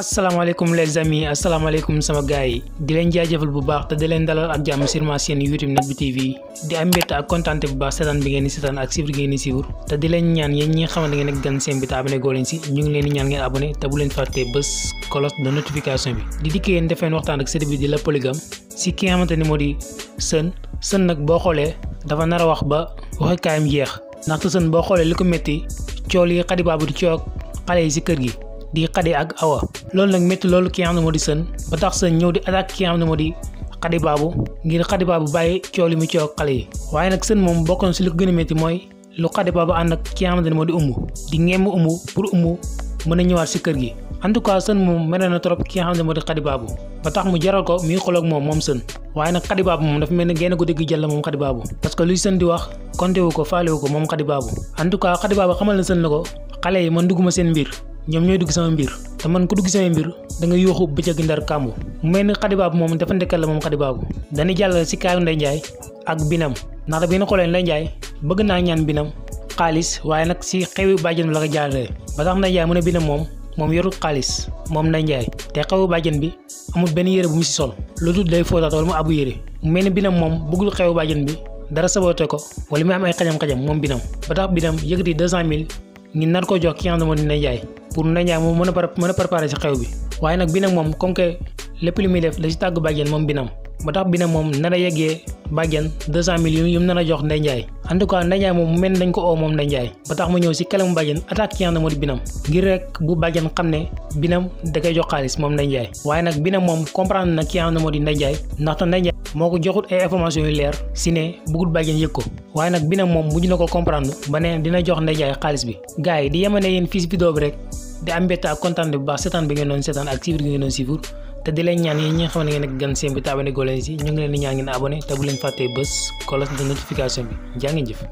asalaamaaleykum les amis asalaamaaleykum sama gars yi di leen jaajëfal bu baax te di leen dalal ak jàmm sur ma chaîne YouTube Net Bi TV di am mbégte ak kontaante bu baax seetaan bi ngeen di seetaan ak suivre ngeen di suivre te di leen ñaan yéen ñi nga xamante ngeen ak gan seen bi te abonné goo leen ñu ngi leen di ñaan ngeen abonné te bu leen fàttee bés cloche de notification bi di dikkee yéen defeen waxtaan ak série bi di la polygame si ki nga xamante ni moo di Seun Seun nag boo xoolee dafa nar a wax ba waxe kaayam jeex ndaxte Seun boo xoolee li ko métti cool yi xadi baabu di coog xale yi si kër gi di Xadi ak Awa loolu nag métti loolu ki xam ne moo di sën ba tax sën ñëw di attaque ki xam ne moo di Xadi Baabu ngir Xadi Baabu bàyyi coow li mu coow xale yi waaye nag sën moom bokkoon si li gën a métti mooy lu Xadi Baabu ànd ak ki nga xamante ne moo di umu di ngeem umu pour umu mën a ñëwaat si kër gi en tout cas sën moom mere na trop xam ne moo di Xadi Baabu ba tax mu jaral ko mi ngi xoloog moom moom sën waaye nag Xadi Baabu moom dafa mel na sën na ko xale yi man dugguma seen ñoom ñooy dugg sama mbir te man ku dugg sama mbir da nga yooxu bëccëg ndar kàmbu mu mel ni xadibaabu moom dafa ndekkal la moom xadibaabu dañuy jàll si kaayu Ndeye Ndiaye ak binam ndax bi nga xoolee Ndeye bëgg naa ñaan binam xaalis waaye nag si xewi bàjjen bi la ko jàllalee ba tax Ndeye Ndiaye mu ne binam moom moom yorul xaalis moom Ndeye Ndiaye te xewu bàjjen bi amul benn yére bu mu si sol lu dul day fóotaat wala mu abu yére mu mel ni binam moom bëggul xewu bàjjen bi dara sabote ko wala mu am ay xajam moom binam ba ngi nar ko jox ki nga xam ne moo pour Ndeye moom mën a mën a préparer si xew bi waaye nag bi nag moom comme que lépp lu muy def la si ba bàjjen moom binam ba tax bi nag moom nar a yeggee bàjjen 200 000 yu mu nar a jox Ndeye Ndiaye en tout moom mu mel dañ ko oo moom Ndeye ba tax mu ñëw si kalamu bàjjen attaque ki nga xam moo di binam ngir rek bu bàjjen xam ne binam da jox xaalis moom Ndeye Ndiaye waaye nag binam moom na ki nga xam ne moo di Ndeye Ndiaye moo ko joxut ay information si ne bëggul bàjjen yëg ko waaye nag binam moom mujj na ko comprendre ba ne dina jox Ndeye Ndiaye xaalis bi gars yi di yemane yéen fii si vidéo bi rek di am mbégte ak kontaan bu baax seetaan bi ngeen doon seetaan ak suivre bi ngeen doon suivre te di ñaan yi ñi nga xam ngeen ak gan seen te abonné si ñu ngi leen ñaan ngeen abonné te bu leen fàttee bés kolos de notification bi jaa ngi jëf